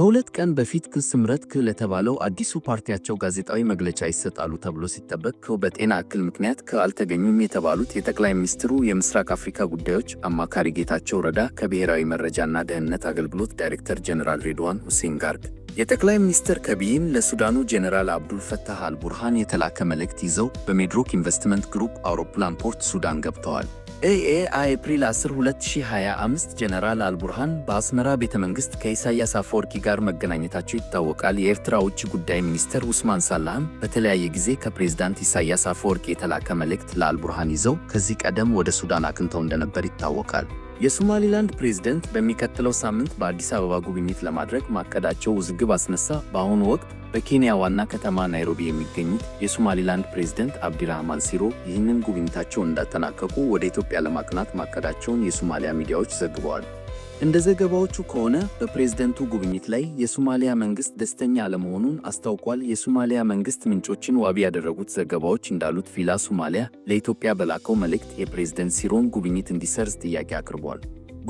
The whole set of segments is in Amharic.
ከሁለት ቀን በፊት ክስ ምረት ለተባለው አዲሱ ፓርቲያቸው ጋዜጣዊ መግለጫ ይሰጣሉ ተብሎ ሲጠበቅ በጤና እክል ምክንያት ከ የተባሉት የጠቅላይ ሚኒስትሩ የምስራቅ አፍሪካ ጉዳዮች አማካሪ ጌታቸው ረዳ ከብሔራዊ መረጃና ደህንነት አገልግሎት ዳይሬክተር ጀኔራል ሬድዋን ሁሴን ጋር የጠቅላይ ሚኒስትር ከቢይን ለሱዳኑ ጄኔራል አብዱል ፈታህ አልቡርሃን የተላከ መልእክት ይዘው በሜድሮክ ኢንቨስትመንት ግሩፕ አውሮፕላን ፖርት ሱዳን ገብተዋል። ኤኤአይ ኤፕሪል 10 2025 ጄኔራል አልቡርሃን በአስመራ ቤተ መንግሥት ከኢሳያስ አፈወርቂ ጋር መገናኘታቸው ይታወቃል። የኤርትራ ውጭ ጉዳይ ሚኒስትር ኡስማን ሳላህም በተለያየ ጊዜ ከፕሬዝዳንት ኢሳያስ አፈወርቂ የተላከ መልእክት ለአልቡርሃን ይዘው ከዚህ ቀደም ወደ ሱዳን አቅንተው እንደነበር ይታወቃል። የሶማሊላንድ ፕሬዝደንት በሚቀጥለው ሳምንት በአዲስ አበባ ጉብኝት ለማድረግ ማቀዳቸው ውዝግብ አስነሳ። በአሁኑ ወቅት በኬንያ ዋና ከተማ ናይሮቢ የሚገኙት የሶማሊላንድ ፕሬዝደንት አብዲራህማን ሲሮ ይህንን ጉብኝታቸው እንዳጠናቀቁ ወደ ኢትዮጵያ ለማቅናት ማቀዳቸውን የሶማሊያ ሚዲያዎች ዘግበዋል። እንደ ዘገባዎቹ ከሆነ በፕሬዝደንቱ ጉብኝት ላይ የሶማሊያ መንግስት ደስተኛ አለመሆኑን አስታውቋል። የሶማሊያ መንግስት ምንጮችን ዋቢ ያደረጉት ዘገባዎች እንዳሉት ቪላ ሶማሊያ ለኢትዮጵያ በላከው መልእክት የፕሬዝደንት ሲሮን ጉብኝት እንዲሰርዝ ጥያቄ አቅርቧል።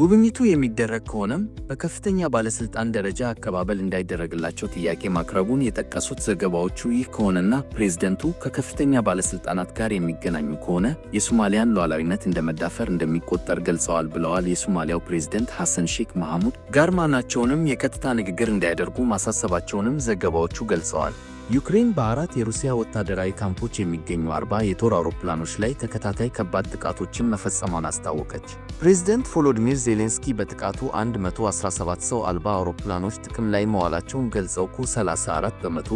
ጉብኝቱ የሚደረግ ከሆነም በከፍተኛ ባለስልጣን ደረጃ አቀባበል እንዳይደረግላቸው ጥያቄ ማቅረቡን የጠቀሱት ዘገባዎቹ። ይህ ከሆነና ፕሬዝደንቱ ከከፍተኛ ባለስልጣናት ጋር የሚገናኙ ከሆነ የሶማሊያን ሉዓላዊነት እንደመዳፈር እንደሚቆጠር ገልጸዋል ብለዋል። የሶማሊያው ፕሬዝደንት ሐሰን ሼክ መሐሙድ ጋርማናቸውንም የቀጥታ ንግግር እንዳያደርጉ ማሳሰባቸውንም ዘገባዎቹ ገልጸዋል። ዩክሬን በአራት የሩሲያ ወታደራዊ ካምፖች የሚገኙ አርባ የጦር አውሮፕላኖች ላይ ተከታታይ ከባድ ጥቃቶችን መፈጸሟን አስታወቀች። ፕሬዝደንት ቮሎዲሚር ዜሌንስኪ በጥቃቱ 117 ሰው አልባ አውሮፕላኖች ጥቅም ላይ መዋላቸውን ገልጸው ኩ34 በመቶ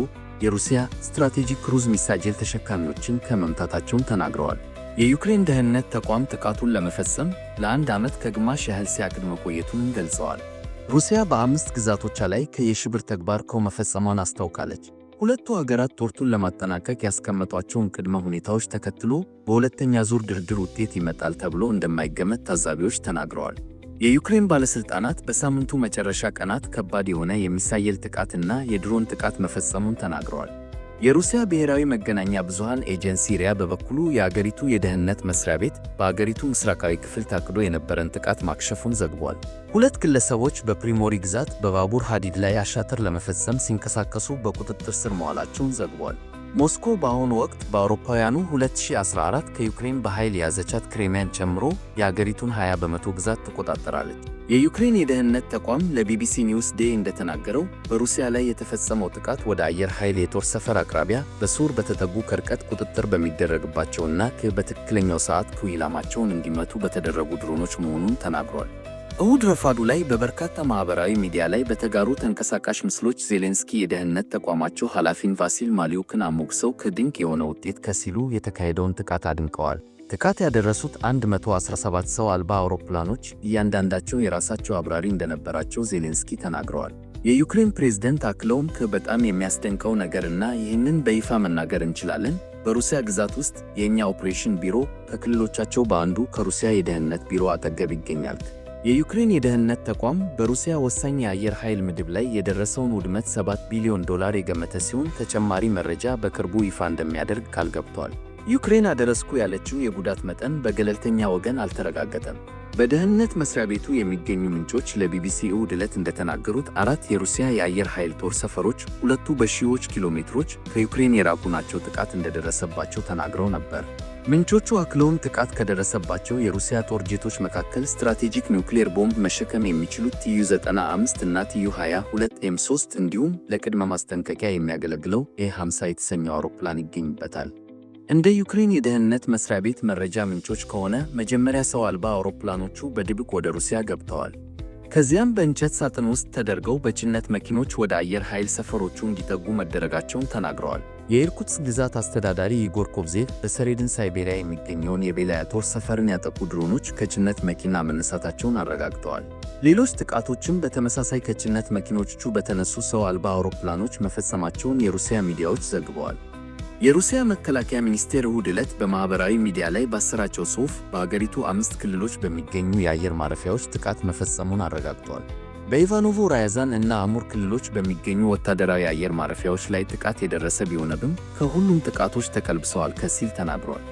የሩሲያ ስትራቴጂክ ክሩዝ ሚሳጅል ተሸካሚዎችን ከመምታታቸውን ተናግረዋል። የዩክሬን ደህንነት ተቋም ጥቃቱን ለመፈጸም ለአንድ ዓመት ከግማሽ ያህል ሲያቅድ መቆየቱን ገልጸዋል። ሩሲያ በአምስት ግዛቶቿ ላይ ከየሽብር ተግባር መፈጸሟን አስታውቃለች። ሁለቱ ሀገራት ቶርቱን ለማጠናቀቅ ያስቀመጧቸውን ቅድመ ሁኔታዎች ተከትሎ በሁለተኛ ዙር ድርድር ውጤት ይመጣል ተብሎ እንደማይገመት ታዛቢዎች ተናግረዋል። የዩክሬን ባለሥልጣናት በሳምንቱ መጨረሻ ቀናት ከባድ የሆነ የሚሳኤል ጥቃትና የድሮን ጥቃት መፈጸሙን ተናግረዋል። የሩሲያ ብሔራዊ መገናኛ ብዙሃን ኤጀንሲ ሪያ በበኩሉ የአገሪቱ የደህንነት መስሪያ ቤት በአገሪቱ ምስራቃዊ ክፍል ታቅዶ የነበረን ጥቃት ማክሸፉን ዘግቧል። ሁለት ግለሰቦች በፕሪሞሪ ግዛት በባቡር ሐዲድ ላይ አሻተር ለመፈጸም ሲንቀሳቀሱ በቁጥጥር ስር መዋላቸውን ዘግቧል። ሞስኮ በአሁኑ ወቅት በአውሮፓውያኑ 2014 ከዩክሬን በኃይል የያዘቻት ክሬሚያን ጨምሮ የአገሪቱን 20 በመቶ ግዛት ተቆጣጠራለች። የዩክሬን የደህንነት ተቋም ለቢቢሲ ኒውስ ዴ እንደተናገረው በሩሲያ ላይ የተፈጸመው ጥቃት ወደ አየር ኃይል የጦር ሰፈር አቅራቢያ በሱር በተጠጉ ከርቀት ቁጥጥር በሚደረግባቸውና በትክክለኛው ሰዓት ኢላማቸውን እንዲመቱ በተደረጉ ድሮኖች መሆኑን ተናግሯል። እሁድ ረፋዱ ላይ በበርካታ ማህበራዊ ሚዲያ ላይ በተጋሩ ተንቀሳቃሽ ምስሎች ዜሌንስኪ የደህንነት ተቋማቸው ኃላፊን ቫሲል ማሊዩክን አሞግሰው ከድንቅ የሆነ ውጤት ከሲሉ የተካሄደውን ጥቃት አድንቀዋል። ጥቃት ያደረሱት 117 ሰው አልባ አውሮፕላኖች እያንዳንዳቸው የራሳቸው አብራሪ እንደነበራቸው ዜሌንስኪ ተናግረዋል። የዩክሬን ፕሬዝደንት አክለውም ከበጣም የሚያስደንቀው ነገርና ይህንን በይፋ መናገር እንችላለን በሩሲያ ግዛት ውስጥ የእኛ ኦፕሬሽን ቢሮ ከክልሎቻቸው በአንዱ ከሩሲያ የደህንነት ቢሮ አጠገብ ይገኛል የዩክሬን የደህንነት ተቋም በሩሲያ ወሳኝ የአየር ኃይል ምድብ ላይ የደረሰውን ውድመት 7 ቢሊዮን ዶላር የገመተ ሲሆን ተጨማሪ መረጃ በቅርቡ ይፋ እንደሚያደርግ ቃል ገብቷል። ዩክሬን አደረስኩ ያለችው የጉዳት መጠን በገለልተኛ ወገን አልተረጋገጠም። በደህንነት መስሪያ ቤቱ የሚገኙ ምንጮች ለቢቢሲ እሁድ ዕለት እንደተናገሩት አራት የሩሲያ የአየር ኃይል ጦር ሰፈሮች፣ ሁለቱ በሺዎች ኪሎ ሜትሮች ከዩክሬን የራቁ ናቸው ጥቃት እንደደረሰባቸው ተናግረው ነበር። ምንጮቹ አክለውም ጥቃት ከደረሰባቸው የሩሲያ ጦር ጄቶች መካከል ስትራቴጂክ ኒውክሌር ቦምብ መሸከም የሚችሉት ቲዩ 95 እና ቲዩ 22 ኤም 3 እንዲሁም ለቅድመ ማስጠንቀቂያ የሚያገለግለው ኤ 50 የተሰኘው አውሮፕላን ይገኝበታል። እንደ ዩክሬን የደህንነት መስሪያ ቤት መረጃ ምንጮች ከሆነ መጀመሪያ ሰው አልባ አውሮፕላኖቹ በድብቅ ወደ ሩሲያ ገብተዋል። ከዚያም በእንጨት ሳጥን ውስጥ ተደርገው በጭነት መኪኖች ወደ አየር ኃይል ሰፈሮቹ እንዲጠጉ መደረጋቸውን ተናግረዋል። የኢርኩትስ ግዛት አስተዳዳሪ ኢጎር ኮብዜቭ በሰሬድን ሳይቤሪያ የሚገኘውን የቤላ ጦር ሰፈርን ያጠቁ ድሮኖች ከጭነት መኪና መነሳታቸውን አረጋግጠዋል። ሌሎች ጥቃቶችም በተመሳሳይ ከጭነት መኪኖቹ በተነሱ ሰው አልባ አውሮፕላኖች መፈጸማቸውን የሩሲያ ሚዲያዎች ዘግበዋል። የሩሲያ መከላከያ ሚኒስቴር እሁድ ዕለት በማኅበራዊ ሚዲያ ላይ ባሰራጨው ጽሑፍ በአገሪቱ አምስት ክልሎች በሚገኙ የአየር ማረፊያዎች ጥቃት መፈጸሙን አረጋግጧል። በኢቫኖቮ ራያዛን እና አሙር ክልሎች በሚገኙ ወታደራዊ አየር ማረፊያዎች ላይ ጥቃት የደረሰ ቢሆንም ከሁሉም ጥቃቶች ተቀልብሰዋል ከሲል ተናግሯል።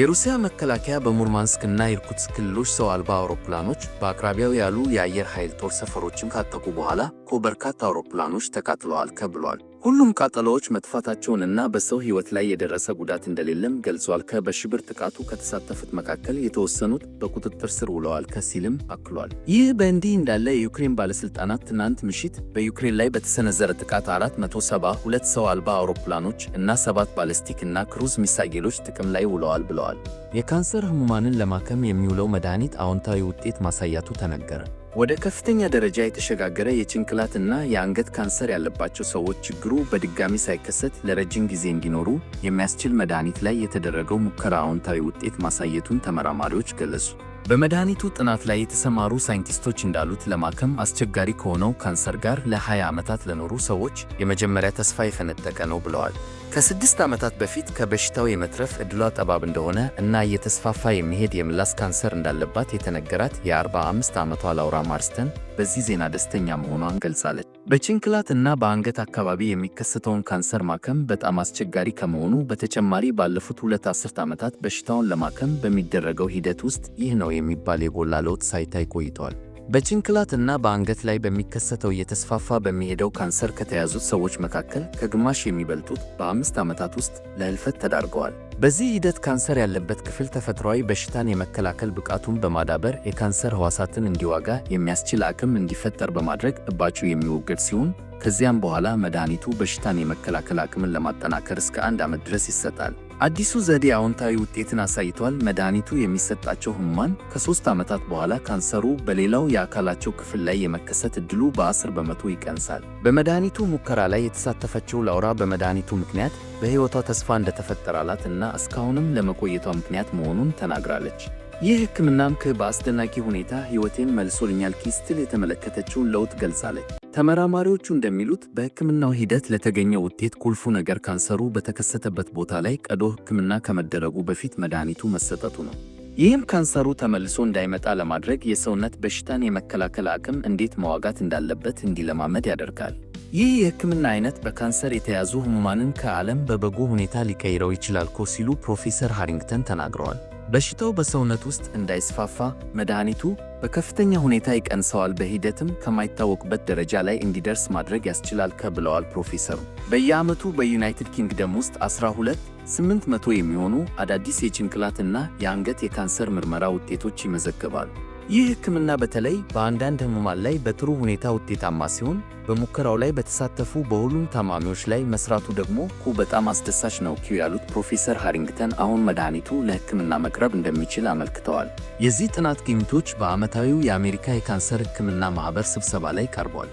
የሩሲያ መከላከያ በሙርማንስክ እና ኢርኩትስክ ክልሎች ሰው አልባ አውሮፕላኖች በአቅራቢያው ያሉ የአየር ኃይል ጦር ሰፈሮችን ካጠቁ በኋላ ከበርካታ አውሮፕላኖች ተቃጥለዋል ከብሏል። ሁሉም ቃጠሎዎች መጥፋታቸውንና በሰው ሕይወት ላይ የደረሰ ጉዳት እንደሌለም ገልጿል። ከበሽብር ጥቃቱ ከተሳተፉት መካከል የተወሰኑት በቁጥጥር ስር ውለዋል ከሲልም አክሏል። ይህ በእንዲህ እንዳለ የዩክሬን ባለሥልጣናት ትናንት ምሽት በዩክሬን ላይ በተሰነዘረ ጥቃት 472 ሰው አልባ አውሮፕላኖች እና ሰባት ባለስቲክ እና ክሩዝ ሚሳይሎች ጥቅም ላይ ውለዋል ብለዋል። የካንሰር ሕሙማንን ለማከም የሚውለው መድኃኒት አዎንታዊ ውጤት ማሳያቱ ተነገረ። ወደ ከፍተኛ ደረጃ የተሸጋገረ የጭንቅላትና የአንገት ካንሰር ያለባቸው ሰዎች ችግሩ በድጋሚ ሳይከሰት ለረጅም ጊዜ እንዲኖሩ የሚያስችል መድኃኒት ላይ የተደረገው ሙከራ አዎንታዊ ውጤት ማሳየቱን ተመራማሪዎች ገለጹ። በመድኃኒቱ ጥናት ላይ የተሰማሩ ሳይንቲስቶች እንዳሉት ለማከም አስቸጋሪ ከሆነው ካንሰር ጋር ለ20 ዓመታት ለኖሩ ሰዎች የመጀመሪያ ተስፋ የፈነጠቀ ነው ብለዋል። ከስድስት ዓመታት በፊት ከበሽታው የመትረፍ ዕድሏ ጠባብ እንደሆነ እና እየተስፋፋ የሚሄድ የምላስ ካንሰር እንዳለባት የተነገራት የ45 ዓመቷ ላውራ ማርስተን በዚህ ዜና ደስተኛ መሆኗን ገልጻለች። በጭንቅላት እና በአንገት አካባቢ የሚከሰተውን ካንሰር ማከም በጣም አስቸጋሪ ከመሆኑ በተጨማሪ ባለፉት ሁለት አስርት ዓመታት በሽታውን ለማከም በሚደረገው ሂደት ውስጥ ይህ ነው የሚባል የጎላ ለውጥ ሳይታይ ቆይተዋል። በጭንቅላት እና በአንገት ላይ በሚከሰተው እየተስፋፋ በሚሄደው ካንሰር ከተያዙት ሰዎች መካከል ከግማሽ የሚበልጡት በአምስት ዓመታት ውስጥ ለህልፈት ተዳርገዋል። በዚህ ሂደት ካንሰር ያለበት ክፍል ተፈጥሯዊ በሽታን የመከላከል ብቃቱን በማዳበር የካንሰር ህዋሳትን እንዲዋጋ የሚያስችል አቅም እንዲፈጠር በማድረግ እባጩ የሚወገድ ሲሆን ከዚያም በኋላ መድኃኒቱ በሽታን የመከላከል አቅምን ለማጠናከር እስከ አንድ ዓመት ድረስ ይሰጣል። አዲሱ ዘዴ አዎንታዊ ውጤትን አሳይቷል። መድኃኒቱ የሚሰጣቸው ህሙማን ከሶስት ዓመታት በኋላ ካንሰሩ በሌላው የአካላቸው ክፍል ላይ የመከሰት እድሉ በ10 በመቶ ይቀንሳል። በመድኃኒቱ ሙከራ ላይ የተሳተፈችው ላውራ በመድኃኒቱ ምክንያት በሕይወቷ ተስፋ እንደተፈጠራላት እና እስካሁንም ለመቆየቷ ምክንያት መሆኑን ተናግራለች። ይህ ህክምናም ከ በአስደናቂ ሁኔታ ሕይወቴን መልሶልኛል ኪስትል የተመለከተችውን ለውጥ ገልጻለች። ተመራማሪዎቹ እንደሚሉት በሕክምናው ሂደት ለተገኘው ውጤት ቁልፉ ነገር ካንሰሩ በተከሰተበት ቦታ ላይ ቀዶ ሕክምና ከመደረጉ በፊት መድኃኒቱ መሰጠቱ ነው። ይህም ካንሰሩ ተመልሶ እንዳይመጣ ለማድረግ የሰውነት በሽታን የመከላከል አቅም እንዴት መዋጋት እንዳለበት እንዲለማመድ ያደርጋል። ይህ የሕክምና አይነት በካንሰር የተያዙ ህሙማንን ከዓለም በበጎ ሁኔታ ሊቀይረው ይችላል ኮ ሲሉ ፕሮፌሰር ሃሪንግተን ተናግረዋል። በሽታው በሰውነት ውስጥ እንዳይስፋፋ መድኃኒቱ በከፍተኛ ሁኔታ ይቀንሰዋል፣ በሂደትም ከማይታወቅበት ደረጃ ላይ እንዲደርስ ማድረግ ያስችላል ከብለዋል ፕሮፌሰሩ። በየዓመቱ በዩናይትድ ኪንግደም ውስጥ 12 800 የሚሆኑ አዳዲስ የጭንቅላትና የአንገት የካንሰር ምርመራ ውጤቶች ይመዘግባሉ። ይህ ህክምና በተለይ በአንዳንድ ህሙማን ላይ በጥሩ ሁኔታ ውጤታማ ሲሆን በሙከራው ላይ በተሳተፉ በሁሉም ታማሚዎች ላይ መስራቱ ደግሞ ኩ በጣም አስደሳች ነው ኪው ያሉት ፕሮፌሰር ሃሪንግተን አሁን መድኃኒቱ ለህክምና መቅረብ እንደሚችል አመልክተዋል። የዚህ ጥናት ግኝቶች በዓመታዊው የአሜሪካ የካንሰር ሕክምና ማኅበር ስብሰባ ላይ ቀርቧል።